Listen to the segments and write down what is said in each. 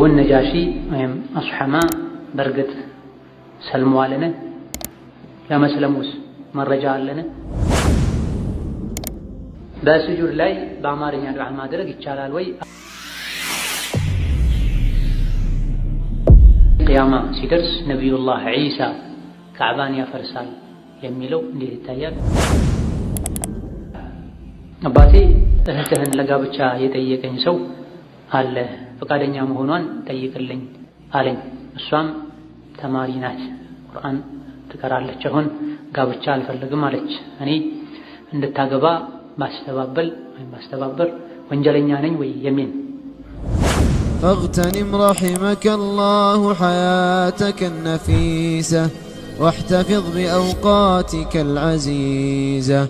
ወነጃሺ ወይም አስሐማ በእርግጥ ሰልሟልን? ለመስለሙስ መረጃ አለን? በስጁድ ላይ በአማርኛ ዱዓ ማድረግ ይቻላል ወይ? ቅያማ ሲደርስ ነቢዩላህ ዒሳ ካዕባን ያፈርሳል የሚለው እንዴት ይታያል? አባቴ እህትህን ለጋብቻ የጠየቀኝ ሰው አለ ፈቃደኛ መሆኗን ጠይቅልኝ አለኝ። እሷም ተማሪ ናት፣ ቁርአን ትቀራለች። አሁን ጋብቻ አልፈልግም አለች። እኔ እንድታገባ ማስተባበል ወይም ማስተባበር ወንጀለኛ ነኝ ወይ የሚል فاغتنم رحمك الله حياتك النفيسة واحتفظ بأوقاتك العزيزة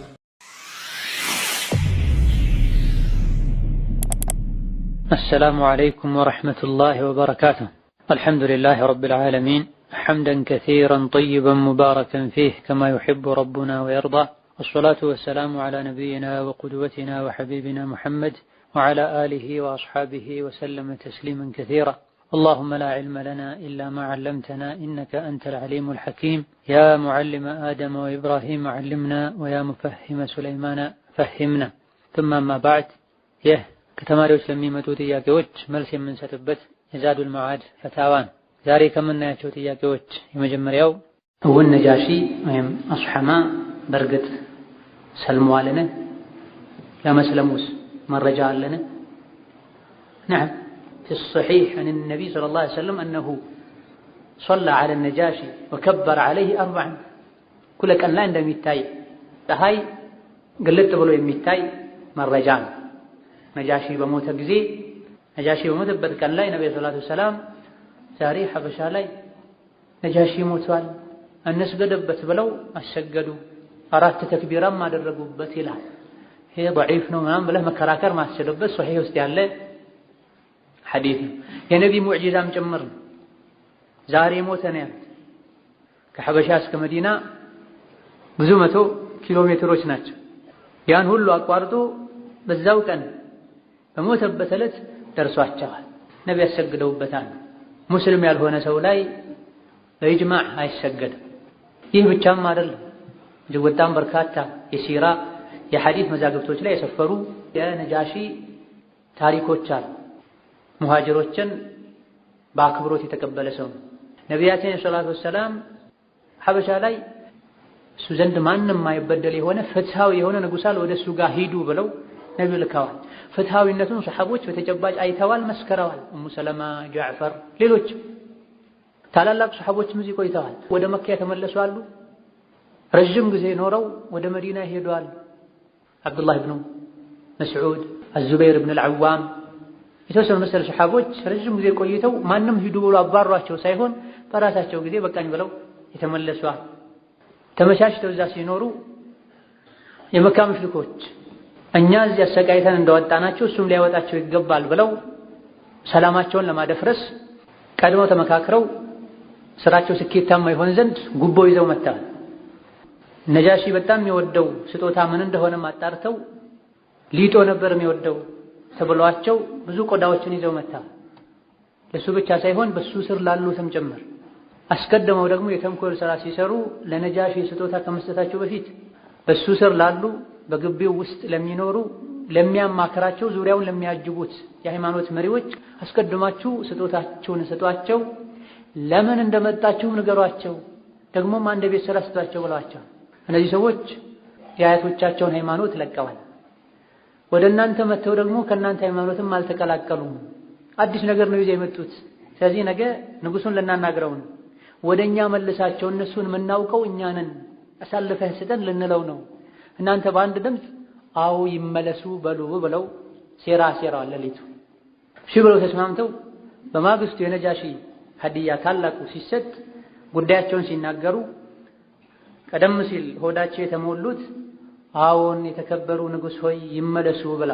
السلام عليكم ورحمة الله وبركاته الحمد لله رب العالمين حمدا كثيرا طيبا مباركا فيه كما يحب ربنا ويرضى والصلاة والسلام على نبينا وقدوتنا وحبيبنا محمد وعلى آله وأصحابه وسلم تسليما كثيرا اللهم لا علم لنا إلا ما علمتنا إنك أنت العليم الحكيم يا معلم آدم وإبراهيم علمنا ويا مفهم سليمان فهمنا ثم ما بعد يه ከተማሪዎች ለሚመጡ ጥያቄዎች መልስ የምንሰጥበት የዛዱል መዓድ ፈታዋን ዛሬ ከምናያቸው ጥያቄዎች የመጀመሪያው እውን ነጃሺ ወይም አስሐማ በእርግጥ ሰልመዋልን? ለመስለሙስ መረጃ አለን? ነዓም في الصحيح عن النبي صلى الله عليه وسلم أنه صلى على النجاشي وكبر عليه أربعا كل كان لا عندهم يتاي ፀሐይ ግልጥ ብሎ የሚታይ መረጃ ነው። ነጃሺ በሞተ ጊዜ ነጃሺ በሞተበት ቀን ላይ ነቢ ሰላቱ ሰላም ዛሬ ሐበሻ ላይ ነጃሺ ሞቷል እንስገደበት ብለው አሰገዱ። አራት ተክቢራም አደረጉበት ይላል። ይሄ ደዒፍ ነው ምናምን ብለህ መከራከር ማስችልበት ሶሒህ ውስጥ ያለ ሐዲት ነው። የነቢ ሙዕጂዛም ጭምር ነው። ዛሬ ሞተ ነው ያሉት። ከሐበሻ እስከ መዲና ብዙ መቶ ኪሎ ሜትሮች ናቸው። ያን ሁሉ አቋርጦ በዛው ቀን በሞተበት ዕለት ደርሷቸዋል። ነቢ ያሰግደውበታል። ሙስሊም ያልሆነ ሰው ላይ በኢጅማዕ አይሰገድም። ይህ ብቻም አይደለም። እጅግ በጣም በርካታ የሲራ የሐዲት መዛግብቶች ላይ የሰፈሩ የነጃሺ ታሪኮች አሉ። ሙሃጅሮችን በአክብሮት የተቀበለ ሰው ነው። ነቢያችን ሰላቱ ወሰላም ሐበሻ ላይ እሱ ዘንድ ማንም የማይበደል የሆነ ፍትሃዊ የሆነ ንጉሳል ወደ እሱ ጋር ሂዱ ብለው ነቢዩ ልከዋል። ፍትሃዊነቱን ሰሐቦች በተጨባጭ አይተዋል፣ መስከረዋል። እሙ ሰለማ፣ ጃዕፈር፣ ሌሎች ታላላቅ ሰሐቦችም እዚህ ቆይተዋል። ወደ መካ የተመለሱ አሉ። ረዥም ጊዜ ኖረው ወደ መዲና ይሄደዋል። አብዱላህ ብኑ መስዑድ፣ አዙበይር ብን አልዓዋም የተወሰኑ መሰል ሰሐቦች ረዥም ጊዜ ቆይተው ማንም ሂዱ ብሎ አባሯቸው ሳይሆን በራሳቸው ጊዜ በቃኝ ብለው የተመለሷል። ተመቻችተው እዛ ሲኖሩ የመካ ሙሽሪኮች እኛ እዚህ አሰቃይተን እንደወጣናችሁ እሱም ሊያወጣችሁ ይገባል ብለው ሰላማቸውን ለማደፍረስ ቀድመው ተመካክረው ስራቸው ስኬታማ ይሆን ዘንድ ጉቦ ይዘው መጥተዋል። ነጃሺ በጣም የሚወደው ስጦታ ምን እንደሆነም አጣርተው ሊጦ ነበር የሚወደው ተብሏቸው ብዙ ቆዳዎችን ይዘው መጥተዋል። ለሱ ብቻ ሳይሆን በሱ ስር ላሉትም ጭምር። አስቀድመው ደግሞ የተንኮል ስራ ሲሰሩ ለነጃሺ ስጦታ ከመስጠታቸው በፊት በሱ ስር ላሉ በግቢው ውስጥ ለሚኖሩ ለሚያማክራቸው ዙሪያውን ለሚያጅቡት የሃይማኖት መሪዎች አስቀድማችሁ ስጦታችሁን ስጧቸው፣ ለምን እንደመጣችሁም ንገሯቸው፣ ደግሞም አንድ ቤት ስራ ስጧቸው ብለዋቸው እነዚህ ሰዎች የአያቶቻቸውን ሃይማኖት ለቀዋል። ወደ እናንተ መጥተው ደግሞ ከእናንተ ሃይማኖትም አልተቀላቀሉም። አዲስ ነገር ነው ይዘው የመጡት። ስለዚህ ነገ ንጉሱን ልናናግረው ነው። ወደ እኛ መልሳቸው፣ እነሱን የምናውቀው እኛ ነን፣ አሳልፈህ ስጠን ልንለው ነው እናንተ በአንድ ድምፅ አዎ ይመለሱ በሉ ብለው ሴራ ሴራ ሌሊቱ እሺ ብለው ተስማምተው በማግስቱ የነጃሺ ሀዲያ ታላቁ ሲሰጥ ጉዳያቸውን ሲናገሩ ቀደም ሲል ሆዳቸው የተሞሉት አዎን የተከበሩ ንጉሥ ሆይ ይመለሱ ብላ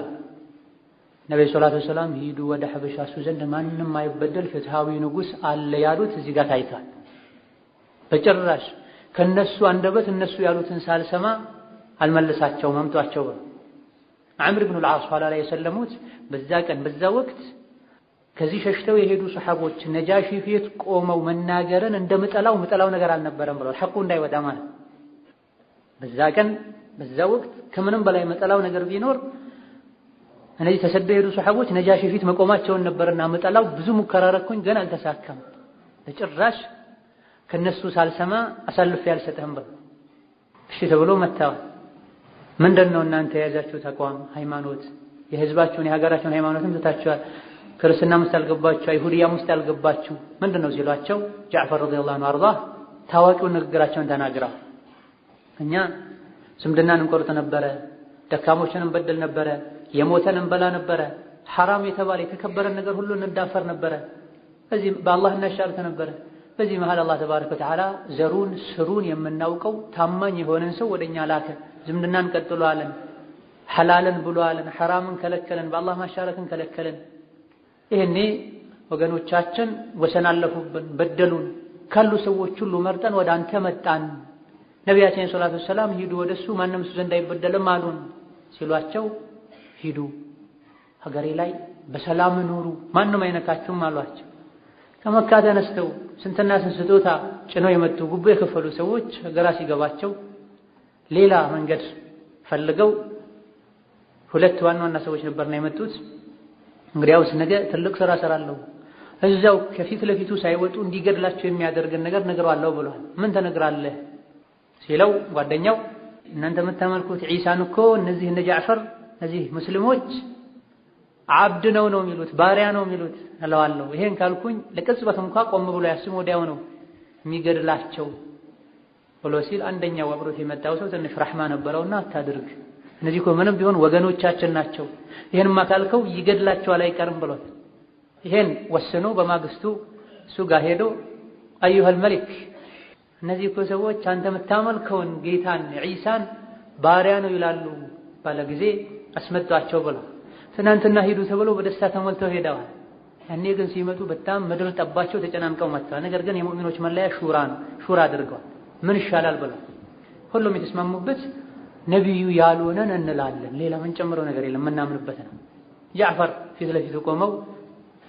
ነብይ ሰለላሁ ዐለይሂ ወሰለም ሂዱ ወደ ሐበሻ እሱ ዘንድ ማንም አይበደል ፍትሃዊ ንጉሥ አለ ያሉት እዚህ ጋር ታይቷል። በጭራሽ ከነሱ አንደበት እነሱ ያሉትን ሳልሰማ አልመልሳቸውም አምጧቸው ብሎ ዐምር ብኑል ዓስ ኋላ ላይ የሰለሙት በዛ ቀን በዛ ወቅት ከዚህ ሸሽተው የሄዱ ሰሓቦች ነጃሺ ፊት ቆመው መናገርን እንደምጠላው ምጠላው ነገር አልነበረም ብሏል። ሐቁ እንዳይወጣ ማለት በዛ ቀን በዛ ወቅት ከምንም በላይ መጠላው ነገር ቢኖር እነዚህ ተሰደው የሄዱ ሰሓቦች ነጃሺ ፊት መቆማቸውን ነበርና መጠላው ብዙ ሙከራ ረኩኝ፣ ግን አልተሳካም። ለጭራሽ ከነሱ ሳልሰማ አሳልፌ አልሰጥህም ብሎ እሺ ተብሎ መተዋል። ምንድን ነው እናንተ የያዛችሁት ተቋም ሃይማኖት? የህዝባችሁን የሀገራችሁን ሃይማኖትም ትታችኋል። ክርስትናም ውስጥ ያልገባችሁ፣ አይሁድያም ውስጥ ያልገባችሁ ምንድን ነው ሲሏቸው ጃዕፈር ረዲየላሁ ዐንሁ አርዳህ ታዋቂውን ንግግራቸውን ተናግራ እኛ ዝምድናን እንቆርጥ ነበረ፣ ደካሞችን እንበድል ነበረ፣ የሞተን እንበላ ነበረ፣ ሐራም የተባለ የተከበረን ነገር ሁሉ እንዳፈር ነበረ፣ በዚህ በአላህ እናሻርክ ነበረ። በዚህ መሃል አላህ ተባረከ ወተዓላ ዘሩን ስሩን የምናውቀው ታማኝ የሆነን ሰው ወደኛ ላከ። ዝምድናን ቀጥሏለን፣ ሐላልን ብሏለን፣ ሐራምን ከለከለን፣ በአላህ ማሻረክን ከለከለን። ይህኔ ወገኖቻችን ወሰን አለፉብን፣ በደሉን ካሉ ሰዎች ሁሉ መርጠን ወደ አንተ መጣን። ነቢያችን ሰላቱ ሰላም ሂዱ ወደሱ ማንም እሱ ዘንድ አይበደልም አሉን ሲሏቸው ሂዱ ሀገሬ ላይ በሰላም ኑሩ ማንም አይነካችሁም አሏቸው። ከመካ ተነስተው ስንትና ስንት ስጦታ ጭነው የመጡ ጉቦ የከፈሉ ሰዎች ሀገራ ሲገባቸው ሌላ መንገድ ፈልገው ሁለት ዋና ዋና ሰዎች ነበር ነው የመጡት። እንግዲያውስ ነገ ትልቅ ስራ እሰራለሁ፣ እዛው ከፊት ለፊቱ ሳይወጡ እንዲገድላቸው የሚያደርግን ነገር ነግረዋለሁ ብሏል። ምን ተነግራለህ ሲለው ጓደኛው እናንተ የምታመልኩት ዒሳን እኮ እነዚህ እነ ጃዕፈር እነዚህ ሙስሊሞች አብድ ነው ነው የሚሉት ባሪያ ነው የሚሉት እለዋለሁ። ይሄን ካልኩኝ ለቅጽበት እንኳ ቆም ብሎ ያስም ወዲያው ነው የሚገድላቸው ብሎ ሲል አንደኛው አብሮት የመጣው ሰው ትንሽ ረሕማ ነበረውና አታድርግ፣ እነዚህ እኮ ምንም ቢሆን ወገኖቻችን ናቸው፣ ይህንማ ካልከው ይገድላቸዋል አይቀርም ብሏል። ይሄን ወስኖ በማግስቱ እሱ ጋር ሄዶ አዩሃል መሊክ፣ እነዚህ እኮ ሰዎች አንተ የምታመልከውን ጌታን ዒሳን ባሪያ ነው ይላሉ ባለ ጊዜ አስመጧቸው ብሏል። ትናንትና ሂዱ ተብሎ በደስታ ተሞልተው ሄደዋል። እኔ ግን ሲመጡ በጣም ምድር ጠባቸው፣ ተጨናንቀው መጥተዋል። ነገር ግን የሙእሚኖች መለያ ሹራ ነው፣ ሹራ አድርገዋል። ምን ይሻላል ብለው ሁሉም የተስማሙበት ነቢዩ ያልሆነን እንላለን። ሌላ ምን ጨምረው ነገር የለም። የምናምንበት ነው። ጃዕፈር ፊት ለፊቱ ቆመው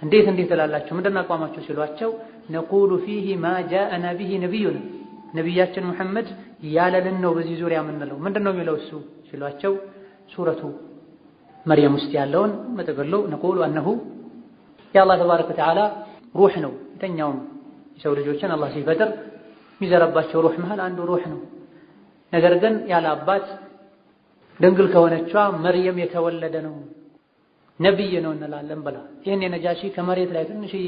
እንዴት እንዴት እላላችሁ ምንድን አቋማችሁ ሲሏቸው ነቁሉ ፊሂ ማ ጃአና ቢሂ ነቢዩና ነቢያችን ሙሐመድ ያለልን ነው በዚህ ዙሪያ የምንለው ምንድን ነው የሚለው እሱ ሲሏቸው ሱረቱ መርየም ውስጥ ያለውን መጠቅለው ነቁሉ አነሁ የአላህ ተባረከ ወተዓላ ሩህ ነው። የተኛውም የሰው ልጆችን አላህ ሲፈጥር የሚዘራባቸው ሩህ መሃል አንዱ ሩህ ነው። ነገር ግን ያለ አባት ድንግል ከሆነቿ መርየም የተወለደ ነው ነቢይ ነው እንላለን ብላ ይህን የነጃሺ ከመሬት ላይ ትንሽዬ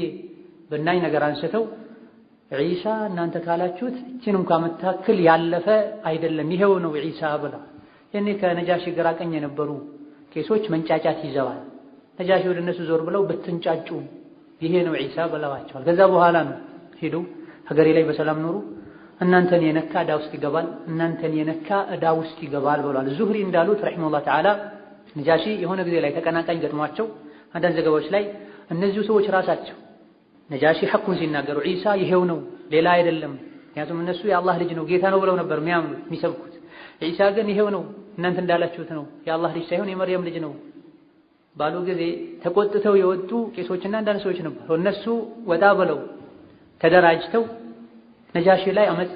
ብናኝ ነገር አንስተው ዒሳ እናንተ ካላችሁት እችን እንኳ መታክል ያለፈ አይደለም ይሄው ነው ዒሳ ብላ ይህኔ ከነጃሺ ግራ ቀኝ የነበሩ ቄሶች መንጫጫት ይዘዋል። ነጃሺ ወደ እነሱ ዞር ብለው ብትንጫጩ ይሄ ነው ዒሳ ብለዋቸዋል። ከዛ በኋላ ነው ሂዱ ሀገሬ ላይ በሰላም ኑሩ እናንተን የነካ ዕዳ ውስጥ ይገባል፣ እናንተን የነካ እዳ ውስጥ ይገባል እናንተን የነካ እዳ ውስጥ ይገባል ብሏል ዙህሪ እንዳሉት ረሒመሁላህ ተዓላ ነጃሺ የሆነ ጊዜ ላይ ተቀናቃኝ ገጥሟቸው አንዳንድ ዘገባዎች ላይ እነዚሁ ሰዎች ራሳቸው ነጃሺ ሐኩን ሲናገሩ ዒሳ ይሄው ነው ሌላ አይደለም፣ ምክንያቱም እነሱ የአላህ ልጅ ነው ጌታ ነው ብለው ነበር የሚያምኑት የሚሰብኩት። ዒሳ ግን ይሄው ነው እናንተ እንዳላችሁት ነው የአላህ ልጅ ሳይሆን የመርየም ልጅ ነው ባሉ ጊዜ ተቆጥተው የወጡ ቄሶችና አንዳንድ ሰዎች ነበር። እነሱ ወጣ ብለው ተደራጅተው ነጃሺ ላይ አመፅ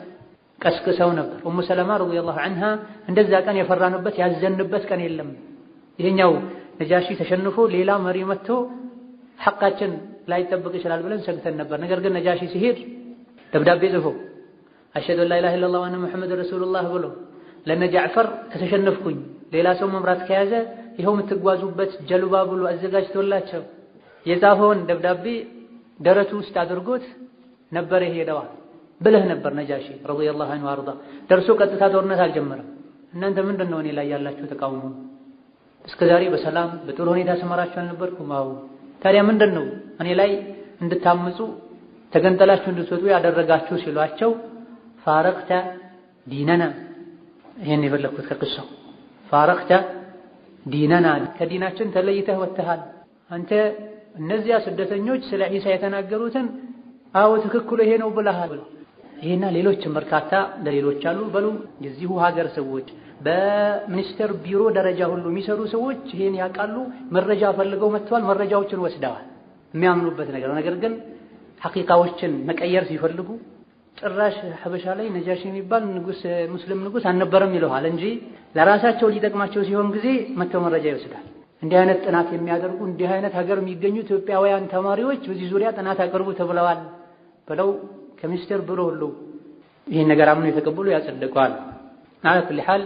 ቀስቅሰው ነበር። ኡሙ ሰለማ ረዲየላሁ አንሃ እንደዛ ቀን የፈራንበት ያዘንበት ቀን የለም። ይሄኛው ነጃሺ ተሸንፎ ሌላ መሪ መጥቶ ሐቃችን ላይጠብቅ ይችላል ብለን ሰግተን ነበር። ነገር ግን ነጃሺ ሲሄድ ደብዳቤ ጽፎ አሽሀዱ አን ላ ኢላሃ ኢለላህ ወአነ ሙሐመድ ረሱሉላህ ብሎ ለነ ጃዕፈር ከተሸነፍኩኝ ሌላ ሰው መምራት ከያዘ ይኸው የምትጓዙበት ጀልባ ብሎ አዘጋጅቶላቸው የጻፈውን ደብዳቤ ደረቱ ውስጥ አድርጎት ነበር ይሄደዋል። ብለህ ነበር ነጃሺ ረዲየላሁ ዐንሁ አርዳ። ደርሶ ቀጥታ ጦርነት አልጀመረም። እናንተ ምንድን ነው እኔ ላይ ያላችሁ ተቃውሞ? እስከ ዛሬ በሰላም በጥሩ ሁኔታ ስመራችሁ አልነበርኩም? አዎ። ታዲያ ምንድን ነው እኔ ላይ እንድታምፁ ተገንጠላችሁ እንድትወጡ ያደረጋችሁ ሲሏቸው፣ ፋረቅተ ዲነና፣ ይሄን የፈለግኩት ከቅሳው ፋረቅተ ዲነና፣ ከዲናችን ተለይተህ ወጥተሃል አንተ። እነዚያ ስደተኞች ስለ ዒሳ የተናገሩትን አዎ ትክክሉ ይሄ ነው ብለሃል። ይሄና ሌሎችም በርካታ ለሌሎች አሉ። በሉ የዚሁ ሀገር ሰዎች በሚኒስቴር ቢሮ ደረጃ ሁሉ የሚሰሩ ሰዎች ይሄን ያውቃሉ። መረጃ ፈልገው መጥተዋል። መረጃዎችን ወስደዋል። የሚያምኑበት ነገር ነገር ግን ሐቂቃዎችን መቀየር ሲፈልጉ ጭራሽ ሀበሻ ላይ ነጃሽ የሚባል ንጉስ ሙስሊም ንጉስ አልነበረም ይለዋል እንጂ ለራሳቸው ሊጠቅማቸው ሲሆን ጊዜ መተው መረጃ ይወስዳል። እንዲህ አይነት ጥናት የሚያደርጉ እንዲህ አይነት ሀገር የሚገኙ ኢትዮጵያውያን ተማሪዎች በዚህ ዙሪያ ጥናት አቅርቡ ተብለዋል ብለው ከምስጢር ብሎ ሁሉ ይህን ነገር አምኖ የተቀበሉ ያጸድቀዋል። አላ ኩሊ ሓል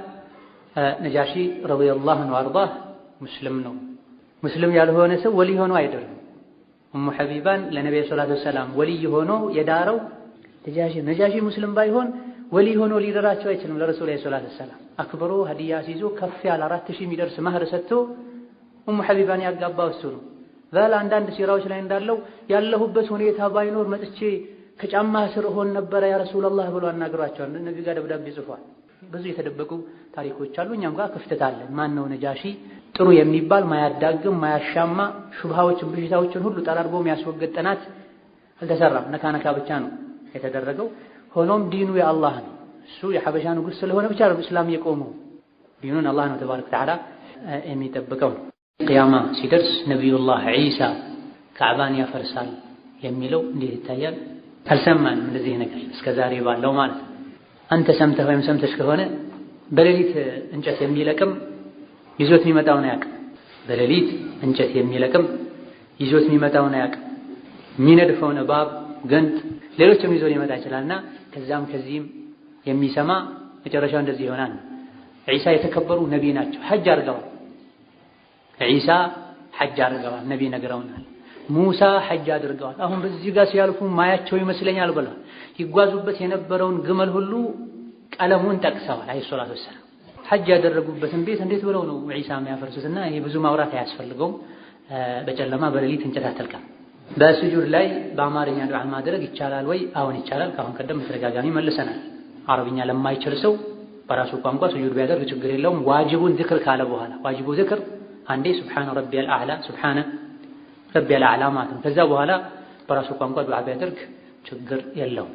ነጃሺ ረዲየላሁ ዐንሁ አርዳህ ሙስልም ነው። ሙስልም ያልሆነ ሰው ወልይ ሆኖ አይደለም። እሙ ሐቢባን ለነቢዩ ሰላቱ ወሰላም ወልይ ሆኖ የዳረው ነጃሺ ነጃሺ ሙስልም ባይሆን ወልይ ሆኖ ሊደራቸው አይችልም። ለረሱል ዐለይሂ ሰላቱ ወሰላም አክብሮ ሀዲያ ሲይዞ ከፍ ያለ አራት ሺህ የሚደርስ ማህር ሰጥቶ እሙ ሐቢባን ያጋባ እሱ ነው። ዛላ አንዳንድ ሲራዎች ላይ እንዳለው ያለሁበት ሁኔታ ባይኖር መጥቼ ከጫማህ ስር እሆን ነበረ ያ ረሱላላህ ብሎ አናግሯቸዋል። ነቢ ጋር ደብዳቤ ጽፏል። ብዙ የተደበቁ ታሪኮች አሉ። እኛም ጋር ክፍተት አለ። ማን ነው ነጃሺ ጥሩ የሚባል ማያዳግም ማያሻማ ሹብሃዎችን ብሽታዎችን ሁሉ ጠራርጎ የሚያስወግድ ጥናት አልተሰራም። ነካ ነካ ብቻ ነው የተደረገው። ሆኖም ዲኑ የአላህ ነው። እሱ የሐበሻ ንጉሥ ስለሆነ ብቻ ነው እስላም የቆመው። ዲኑን አላህ ነው ተባረከ ወተዓላ የሚጠብቀው። ቅያማ ሲደርስ ነቢዩላህ ዒሳ ካዕባን ያፈርሳል የሚለው እንዴት ይታያል? አልሰማንም እንደዚህ ነገር እስከ ዛሬ ባለው ማለት ነው። አንተ ሰምተህ ወይም ሰምተሽ ከሆነ በሌሊት እንጨት የሚለቅም ይዞት የሚመጣውን አያውቅም። በሌሊት እንጨት የሚለቅም ይዞት የሚመጣውን አያውቅም። የሚነድፈውን እባብ፣ ገንጥ፣ ሌሎችም ይዞ ሊመጣ ይችላልና ከዛም ከዚህም የሚሰማ መጨረሻው እንደዚህ ይሆናል። ዒሳ የተከበሩ ነቢይ ናቸው። ሐጅ አድርገዋል። ዒሳ ሐጅ አድርገዋል። ነቢይ ነግረውናል። ሙሳ ሐጅ አድርገዋል። አሁን በዚህ ጋር ሲያልፉ ማያቸው ይመስለኛል ብለዋል። ይጓዙበት የነበረውን ግመል ሁሉ ቀለሙን ጠቅሰዋል። አይ ሰላቱ ወሰላም ሐጅ ያደረጉበትን ቤት እንዴት ብለው ነው ዒሳ የሚያፈርሱትና ይሄ ብዙ ማውራት አያስፈልገውም። በጨለማ በሌሊት እንጨት አትልቀም። በስጁድ ላይ በአማርኛ ዱዓ ማድረግ ይቻላል ወይ? አሁን ይቻላል። ከአሁን ቀደም በተደጋጋሚ መልሰናል። አረብኛ ለማይችል ሰው በራሱ ቋንቋ ስጁድ ቢያደርግ ችግር የለውም። ዋጅቡን ዝክር ካለ በኋላ ዋጅቡ ዝክር አንዴ ሱብሓነ ረቢያል አዕላ ሱብሓነ ከፍ ያለ ዓላማትን ከዛ በኋላ በራሱ ቋንቋ ዱዓ ቢያደርግ ችግር የለውም።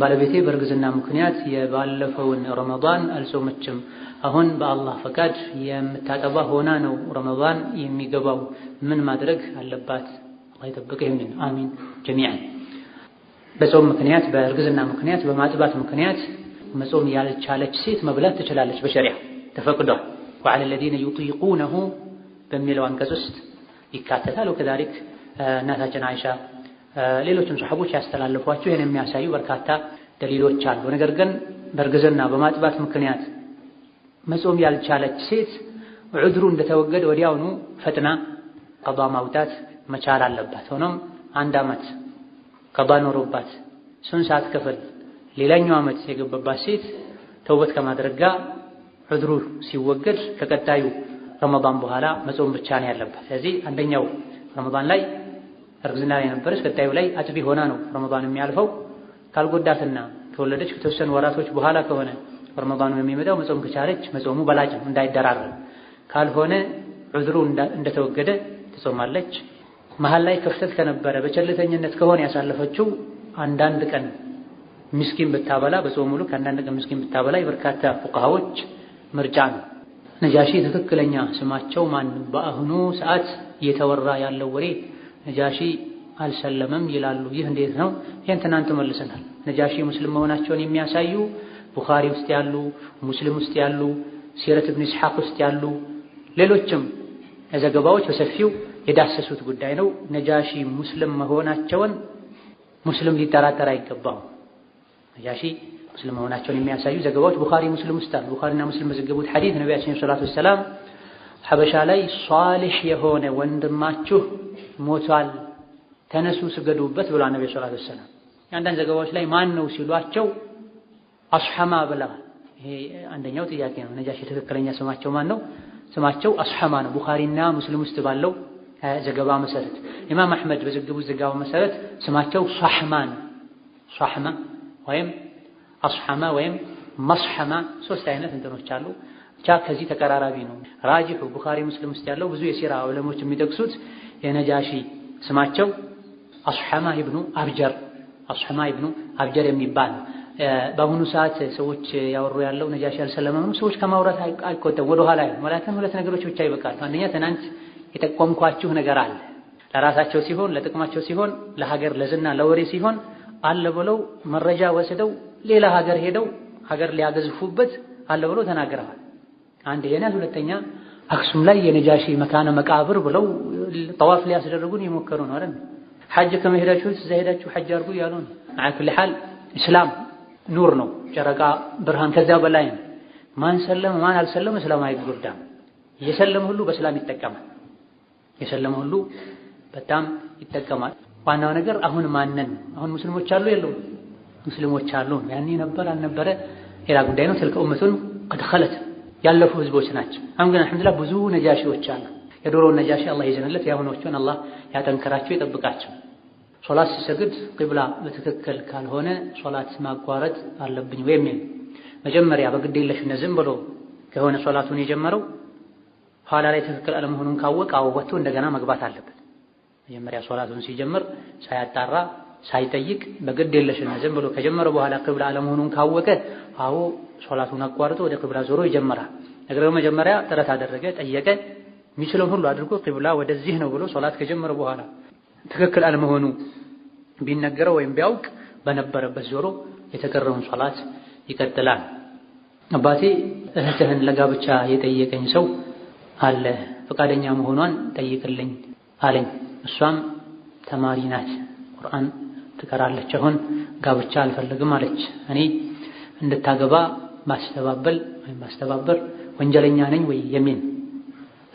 ባለቤቴ በእርግዝና ምክንያት የባለፈውን ረመዳን አልጾመችም። አሁን በአላህ ፈቃድ የምታጠባ ሆና ነው ረመዳን የሚገባው። ምን ማድረግ አለባት? አላህ ይጠብቀህ። ይሁንን አሚን ጀሚዓን። በጾም ምክንያት፣ በእርግዝና ምክንያት፣ በማጥባት ምክንያት መጾም ያልቻለች ሴት መብላት ትችላለች። በሸሪያ ተፈቅዶ ወዐለ ለዚነ ዩጢቁነሁ በሚለው አንቀጽ ውስጥ ይካተታል። ወከዛሊክ እናታችን አይሻ ሌሎችም ሰሐቦች ያስተላልፏቸው ይህን የሚያሳዩ በርካታ ደሊሎች አሉ። ነገር ግን በእርግዝና በማጥባት ምክንያት መጾም ያልቻለች ሴት ዑድሩ እንደተወገደ ወዲያውኑ ፈጥና ቀዷ ማውጣት መቻል አለባት። ሆኖም አንድ ዓመት ቀዷ ኖሮባት ሰዓት ሳትከፍል ሌላኛው ዓመት የገባባት ሴት ተውበት ከማድረግ ጋር ዑድሩ ሲወገድ ከቀጣዩ ከረመዳን በኋላ መጾም ብቻ ነው ያለበት። ስለዚህ አንደኛው ረመዳን ላይ እርግዝና ላይ ነበረች፣ ቀጣዩ ላይ አጥቢ ሆና ነው ረመዳን የሚያልፈው። ካልጎዳትና ከወለደች ከተወሰኑ ወራቶች በኋላ ከሆነ ረመዳኑ የሚመጣው መጾም ከቻለች መጾሙ በላጭ ነው እንዳይደራረብ። ካልሆነ ዑዝሩ እንደተወገደ ትጾማለች። መሀል ላይ ክፍተት ከነበረ በቸልተኝነት ከሆነ ያሳለፈችው አንዳንድ ቀን ምስኪን ብታበላ በጾሙ ከአንዳንድ ቀን ምስኪን ብታበላ የበርካታ ፉቃሃዎች ምርጫ ነው። ነጃሺ ትክክለኛ ስማቸው ማን? በአሁኑ ሰዓት እየተወራ ያለው ወሬ ነጃሺ አልሰለመም ይላሉ። ይህ እንዴት ነው? ይህን ትናንት መልሰናል። ነጃሺ ሙስሊም መሆናቸውን የሚያሳዩ ቡኻሪ ውስጥ ያሉ፣ ሙስሊም ውስጥ ያሉ፣ ሲረት ኢብኑ ኢስሐቅ ውስጥ ያሉ ሌሎችም ዘገባዎች በሰፊው የዳሰሱት ጉዳይ ነው። ነጃሺ ሙስሊም መሆናቸውን ሙስሊም ሊጠራጠር አይገባም? ነጃሺ ሙስሊም መሆናቸውን የሚያሳዩ ዘገባዎች ቡኻሪ ሙስሊም ውስጥ አሉ። ቡኻሪና ሙስሊም በዘገቡት ሐዲስ ነቢያችን ሰለላሁ ዐለይሂ ወሰለም ሐበሻ ላይ ሷሊህ የሆነ ወንድማችሁ ሞቷል፣ ተነሱ ስገዱበት ብሏል ነብዩ ሰለላሁ ዐለይሂ ወሰለም። የአንዳንድ ዘገባዎች ላይ ማን ነው ሲሏቸው አስሐማ ብለዋል። ይሄ አንደኛው ጥያቄ ነው። ነጃሽ ትክክለኛ ስማቸው ማን ነው? ስማቸው አስሐማ ነው። ቡኻሪና ሙስሊም ውስጥ ባለው ዘገባ መሰረት ኢማም አህመድ በዘገቡት ዘገባ መሰረት ስማቸው ሷህማ ነው። ሷሕማ ወይም አስሐማ ወይም መስሐማ ሶስት አይነት እንትኖች አሉ። ብቻ ከዚህ ተቀራራቢ ነው። ራጂሑ ቡኻሪ ሙስሊም ውስጥ ያለው ብዙ የሲራ ዑለሞች የሚጠቅሱት የነጃሺ ስማቸው አስሐማ ኢብኑ አብጀር አስሐማ ኢብኑ አብጀር የሚባል በአሁኑ ሰዓት ሰዎች ያወሩ ያለው ነጃሺ ያልሰለመኑ ሰዎች ከማውራት አይቆጠብ ወደ ኋላ ወላተን ሁለት ነገሮች ብቻ ይበቃሉ። አንደኛ ትናንት የጠቆምኳችሁ ነገር አለ ለራሳቸው ሲሆን ለጥቅማቸው ሲሆን ለሀገር ለዝና ለወሬ ሲሆን አለ ብለው መረጃ ወስደው ሌላ ሀገር ሄደው ሀገር ሊያገዝፉበት አለ ብለው ተናግረዋል። አንድ የኔ ሁለተኛ አክሱም ላይ የነጃሺ መካነ መቃብር ብለው ጠዋፍ ሊያስደርጉን ይሞከሩ ነው አይደል? ሐጅ ከመሄዳችሁ እዛ ሄዳችሁ ሐጅ አድርጉ ያሉ ነው። አኩል ሐል እስላም ኑር ነው፣ ጨረቃ ብርሃን ከዛ በላይ ነው። ማን ሰለመ ማን አልሰለመ እስላም አይጎዳም። የሰለመ ሁሉ በእስላም ይጠቀማል። የሰለመ ሁሉ በጣም ይጠቀማል። ዋናው ነገር አሁን ማነን? አሁን ሙስሊሞች አሉ የለውም? ሙስሊሞች አሉ። ያኔ ነበር አልነበረ ሌላ ጉዳይ ነው። ተልከ ኡመቱን ቀድ ያለፉ ህዝቦች ናቸው። አሁን ግን አልሐምዱሊላህ ብዙ ነጃሺዎች አሉ። የዶሮውን ነጃሺ አላህ ይዘንለት፣ የአሁኖቹን አላህ ያጠንከራቸው ይጠብቃቸው። ሶላት ሲሰግድ ቂብላ በትክክል ካልሆነ ሶላት ማቋረጥ አለብኝ ወይ መጀመሪያ በግዴለሽነት ዝም ብሎ ከሆነ ሶላቱን የጀመረው ኋላ ላይ ትክክል አለመሆኑን ካወቀ አወጥቶ እንደገና መግባት አለበት። መጀመሪያ ሶላቱን ሲጀምር ሳያጣራ ሳይጠይቅ በግድ የለሽና ዝም ብሎ ከጀመረ በኋላ ክብላ አለመሆኑን ካወቀ አዎ ሶላቱን አቋርጦ ወደ ክብላ ዞሮ ይጀምራል። ነገር ግን መጀመሪያ ጥረት አደረገ፣ ጠየቀ፣ የሚችለውን ሁሉ አድርጎ ክብላ ወደዚህ ነው ብሎ ሶላት ከጀመረ በኋላ ትክክል አለመሆኑ ቢነገረው ወይም ቢያውቅ በነበረበት ዞሮ የተቀረውን ሶላት ይቀጥላል። አባቴ እህትህን ለጋብቻ የጠየቀኝ ሰው አለ ፈቃደኛ መሆኗን ጠይቅልኝ አለኝ። እሷም ተማሪ ናት፣ ቁርአን ትቀራለች። አሁን ጋብቻ አልፈልግም አለች። እኔ እንድታገባ ማስተባበል ወይም ማስተባበር ወንጀለኛ ነኝ ወይ የሚን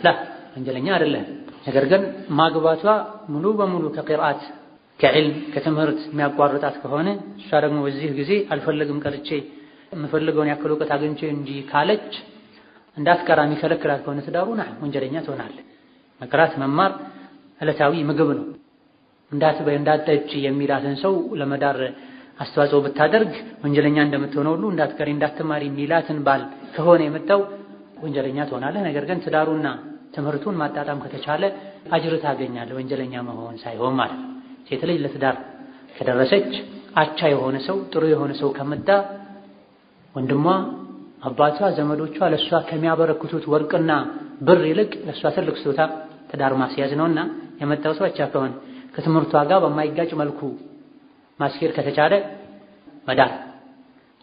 ላ ወንጀለኛ አይደለም። ነገር ግን ማግባቷ ሙሉ በሙሉ ከቂርአት ከዕልም ከትምህርት የሚያቋርጣት ከሆነ እሷ ደግሞ በዚህ ጊዜ አልፈልግም ቀርቼ የምፈልገውን ያክል እውቀት አግኝቼ እንጂ ካለች እንዳትቀራ የሚከለክላት ከሆነ ትዳሩ ና ወንጀለኛ ትሆናለች። መቅራት መማር ዕለታዊ ምግብ ነው። እንዳትበይ እንዳትጠጪ የሚላትን ሰው ለመዳር አስተዋጽኦ ብታደርግ ወንጀለኛ እንደምትሆነው ሁሉ እንዳትቀሪ እንዳትማሪ የሚላትን ባል ከሆነ የመጣው ወንጀለኛ ትሆናለህ። ነገር ግን ትዳሩና ትምህርቱን ማጣጣም ከተቻለ አጅር ታገኛለህ፣ ወንጀለኛ መሆን ሳይሆን ማለት ነው። ሴት ልጅ ለትዳር ከደረሰች አቻ የሆነ ሰው ጥሩ የሆነ ሰው ከመጣ ወንድሟ፣ አባቷ፣ ዘመዶቿ ለእሷ ከሚያበረክቱት ወርቅና ብር ይልቅ ለእሷ ትልቅ ስጦታ ትዳር ማስያዝ ነውና የመጣው ሰው አቻ ከሆነ ከትምህርቷ ጋር በማይጋጭ መልኩ ማስኬድ ከተቻለ መዳር፣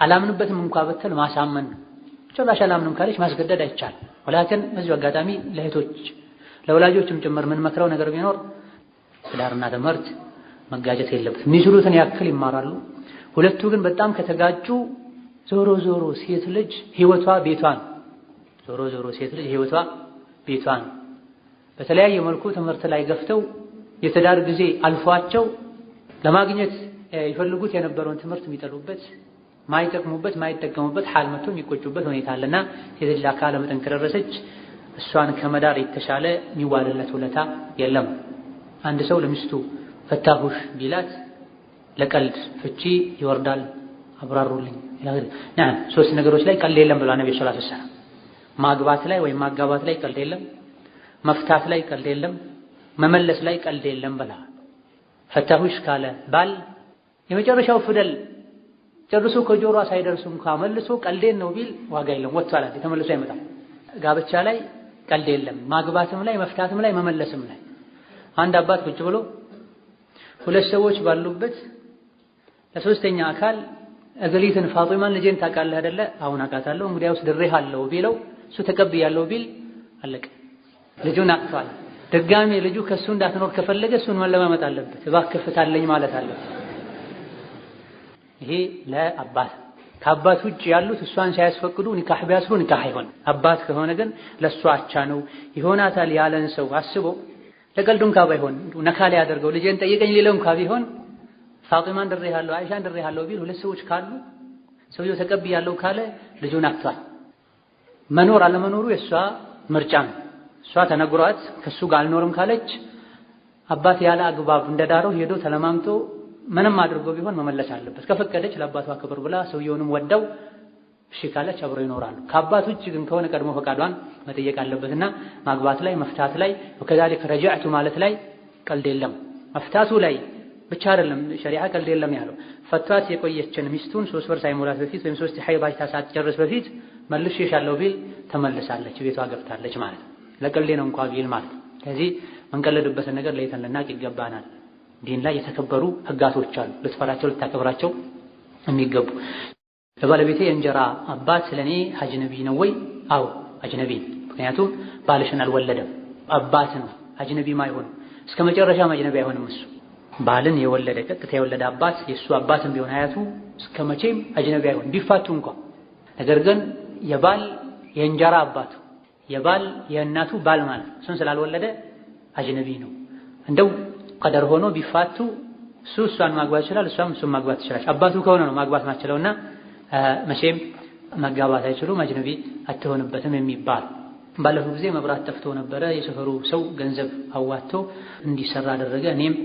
አላምንበትም እንኳ ብትል ማሳመን ጭራሽ አላምንም ካለች ማስገደድ አይቻል። ወላኪን በዚሁ አጋጣሚ ለእህቶች ለወላጆችም ጭምር የምንመክረው ነገር ቢኖር ትዳርና ትምህርት መጋጨት የለበትም። የሚችሉትን ያክል ይማራሉ። ሁለቱ ግን በጣም ከተጋጩ ዞሮ ዞሮ ሴት ልጅ ህይወቷ ቤቷን ዞሮ ዞሮ ሴት ልጅ ህይወቷ ቤቷን በተለያየ መልኩ ትምህርት ላይ ገፍተው የትዳር ጊዜ አልፏቸው ለማግኘት ይፈልጉት የነበረውን ትምህርት የሚጠሉበት ማይጠቅሙበት ማይጠቀሙበት ሐል መጥቶ የሚቆጩበት ሁኔታ አለና ሴት ልጅ አካለ መጠን ከደረሰች እሷን ከመዳር የተሻለ የሚዋልለት ውለታ የለም። አንድ ሰው ለሚስቱ ፈታሁሽ ቢላት ለቀልድ ፍቺ ይወርዳል። አብራሩልኝ። ሶስት ነገሮች ላይ ቀልድ የለም ብሏል ነብዩ ሰለላሁ ዐለይሂ ወሰለም። ማግባት ላይ ወይም ማጋባት ላይ ቀልድ የለም። መፍታት ላይ ቀልድ የለም፣ መመለስ ላይ ቀልድ የለም ብላ ፈታሁሽ ካለ ባል የመጨረሻው ፊደል ጨርሶ ከጆሮ ሳይደርሱ እንኳ መልሶ ቀልዴን ነው ቢል ዋጋ የለም፣ ወጥቷል። ተመልሶ አይመጣም። ጋብቻ ላይ ቀልድ የለም፣ ማግባትም ላይ መፍታትም ላይ መመለስም ላይ። አንድ አባት ቁጭ ብሎ ሁለት ሰዎች ባሉበት ለሶስተኛ አካል እገሊትን ፋጢማን ልጄን ታውቃለህ አይደለ? አሁን አውቃታለሁ፣ እንግዲያውስ አለው ቢለው እሱ ተቀብያለሁ ቢል አለቀ። ልጁን አቅቷል። ድጋሚ ልጁ ከእሱ እንዳትኖር ከፈለገ እሱን መለማመጥ አለበት። እባክህ ፍታለኝ ማለት አለበት። ይሄ ለአባት ከአባት ውጭ ያሉት እሷን ሳያስፈቅዱ ኒካህ ቢያስሩ ኒካህ አይሆን። አባት ከሆነ ግን ለእሷ አቻ ነው ይሆናታል ያለን ሰው አስቦ ለቀልዱም ካ ባይሆን ነካ ላይ ያደርገው ልጄን ጠይቀኝ ሌለውም ካ ቢሆን ፋጢማን ድሬሃለሁ፣ አይሻን ድሬሃለሁ ቢል ሁለት ሰዎች ካሉ ሰውየው ተቀብያለሁ ካለ ልጁን አክቷል። መኖር አለመኖሩ የእሷ ምርጫ ነው። እሷ ተነግሯት ከሱ ጋር አልኖርም ካለች አባት ያለ አግባብ እንደዳረው ሄዶ ተለማምጦ ምንም አድርጎ ቢሆን መመለስ አለበት። ከፈቀደች ለአባቷ ክብር ብላ ሰውየውንም ወደው እሺ ካለች አብሮ ይኖራሉ። ከአባት ውጭ ግን ከሆነ ቀድሞ ፈቃዷን መጠየቅ አለበትና ማግባት ላይ መፍታት ላይ ወከዛሊክ ረጃዕቱ ማለት ላይ ቀልድ የለም። መፍታቱ ላይ ብቻ አይደለም ሸሪዓ ቀልድ የለም ያለው። ፈቷት የቆየችን ሚስቱን ሶስት ወር ሳይሞላት በፊት ወይም ሶስት ሐይድ ሳትጨርስ በፊት መልሼሻለሁ ቢል ተመልሳለች፣ ቤቷ ገብታለች ማለት ነው። ለቀልዴ ነው እንኳ ቢል ማለት። ስለዚህ መንቀለድበትን ነገር ለይተን ልናቅ ይገባናል። ዲን ላይ የተከበሩ ህጋቶች አሉ፣ ልትፈራቸው ልታከብራቸው የሚገቡ። ለባለቤቴ የእንጀራ አባት ስለኔ አጅነቢ ነው ወይ? አዎ አጅነቢ። ምክንያቱም ባልሽን አልወለደም፣ አባት ነው። አጅነቢም አይሆንም፣ እስከ መጨረሻም አጅነቢ አይሆንም። እሱ ባልን የወለደ ቀጥታ የወለደ አባት የእሱ አባትም ቢሆን አያቱ እስከ መቼም አጅነቢ አይሆን ቢፋቱ እንኳ። ነገር ግን የባል የእንጀራ አባቱ የባል የእናቱ ባል ማለት እሱን ስላልወለደ አጅነቢ ነው። እንደው ቀደር ሆኖ ቢፋቱ እሱ እሷን ማግባት ይችላል፣ እሷም እሱን ማግባት ይችላል። አባቱ ከሆነ ነው ማግባት ማችለውና መቼም መጋባት አይችሉም፣ አጅነቢ አትሆንበትም የሚባል ባለፈው ጊዜ መብራት ጠፍቶ ነበረ። የሰፈሩ ሰው ገንዘብ አዋጥቶ እንዲሰራ አደረገ። እኔም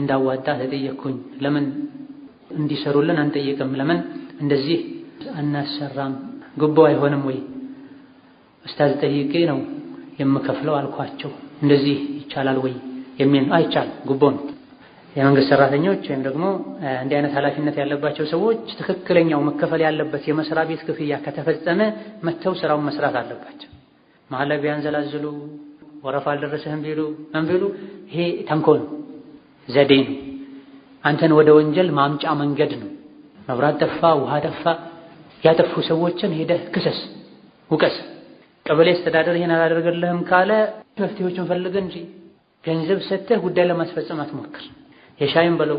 እንዳዋጣ ተጠየቅኩኝ። ለምን እንዲሰሩልን አንጠየቅም? ለምን እንደዚህ አናሰራም? ጉቦ አይሆንም ወይ ኡስታዝ ጠይቄ ነው የምከፍለው አልኳቸው። እንደዚህ ይቻላል ወይ የሚል ነው። አይቻል ጉቦ የመንግስት ሰራተኞች ወይም ደግሞ እንዲህ አይነት ኃላፊነት ያለባቸው ሰዎች ትክክለኛው መከፈል ያለበት የመስሪያ ቤት ክፍያ ከተፈጸመ መተው ስራውን መስራት አለባቸው። መሀል ላይ ቢያንዘላዝሉ፣ ወረፋ አልደረሰህም ቢሉ ምን ቢሉ ይሄ ተንኮል ዘዴ ነው። አንተን ወደ ወንጀል ማምጫ መንገድ ነው። መብራት ጠፋ፣ ውሃ ጠፋ፣ ያጠፉ ሰዎችን ሄደህ ክሰስ፣ ውቀስ ቀበሌ አስተዳደር ይሄን አላደርገልህም ካለ መፍትሄዎችን ፈልገ እንጂ ገንዘብ ሰጥተህ ጉዳይ ለማስፈጸም አትሞክር። የሻይም በለው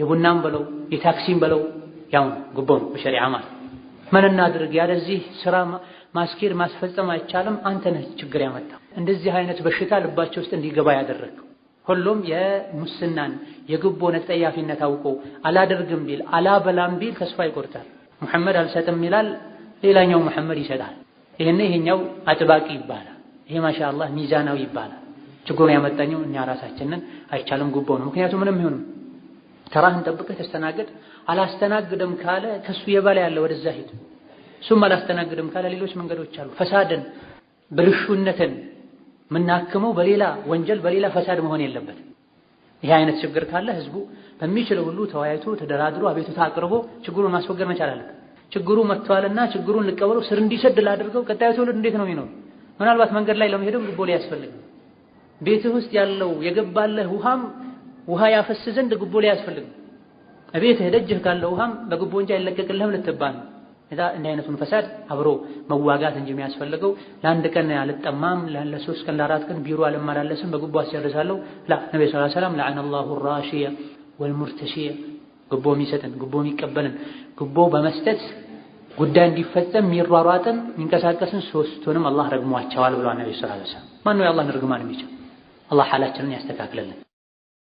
የቡናም በለው የታክሲም በለው ያው ጉቦ ነው በሸሪዓ ማለት። ምን እናድርግ? ያለዚህ ስራ ማስኬድ ማስፈጸም አይቻልም። አንተ ነህ ችግር ያመጣ እንደዚህ አይነት በሽታ ልባቸው ውስጥ እንዲገባ ያደረግ ሁሉም የሙስናን የግቦ ተጠያፊነት አውቆ አላደርግም ቢል አላበላም ቢል ተስፋ ይቆርጣል። መሐመድ አልሰጥም ይላል፣ ሌላኛው መሐመድ ይሰጣል። ይህን ይሄኛው አጥባቂ ይባላል። ይሄ ማሻአላህ ሚዛናዊ ይባላል። ችግሩን ያመጣኘው እኛ ራሳችንን አይቻልም ጉባው ነው። ምክንያቱም ምንም ይሁን ተራህን ጠብቀህ ተስተናገድ። አላስተናግድም ካለ ከሱ የበላይ ያለ ወደዛ ሂድ። እሱም አላስተናግድም ካለ ሌሎች መንገዶች አሉ። ፈሳድን፣ ብልሹነትን የምናክመው በሌላ ወንጀል በሌላ ፈሳድ መሆን የለበት ይህ አይነት ችግር ካለ ህዝቡ በሚችለው ሁሉ ተወያይቶ ተደራድሮ አቤቱታ አቅርቦ ችግሩን ማስወገድ መቻል አለበት። ችግሩ መጥቷልና ችግሩን ልቀበለው ስር እንዲሰድ ላድርገው። ቀጣዩ ትውልድ እንዴት ነው የሚኖር? ምናልባት መንገድ ላይ ለመሄድም ጉቦ ሊያስፈልግ፣ ቤትህ ውስጥ ያለው የገባለህ ውሃም ውሃ ያፈስ ዘንድ ጉቦ ሊያስፈልግ፣ ቤትህ ደጅህ ካለው ውሃም በጉቦ እንጂ አይለቀቅልህም ልትባል እዛ እንዲህ አይነቱን ፈሳድ አብሮ መዋጋት እንጂ የሚያስፈልገው ለአንድ ቀን አልጠማም፣ ለሶስት ቀን ለአራት ቀን ቢሮ አልመላለስም፣ በጉቦ አስጨርሳለሁ ላ ነቢ ሰላም ለዐነ አላሁ ራሺያ ወልሙርተሺያ ጉቦ የሚሰጥን ጉቦ የሚቀበልን ጉቦ በመስጠት ጉዳይ እንዲፈጸም የሚሯሯጥን የሚንቀሳቀስን ሶስቱንም አላህ ረግሟቸዋል ብሏል ነብዩ ሰለላሁ ዐለይሂ ወሰለም። ማን ነው የአላህን ርግማን የሚችል? አላህ ሐላችንን ያስተካክለልን።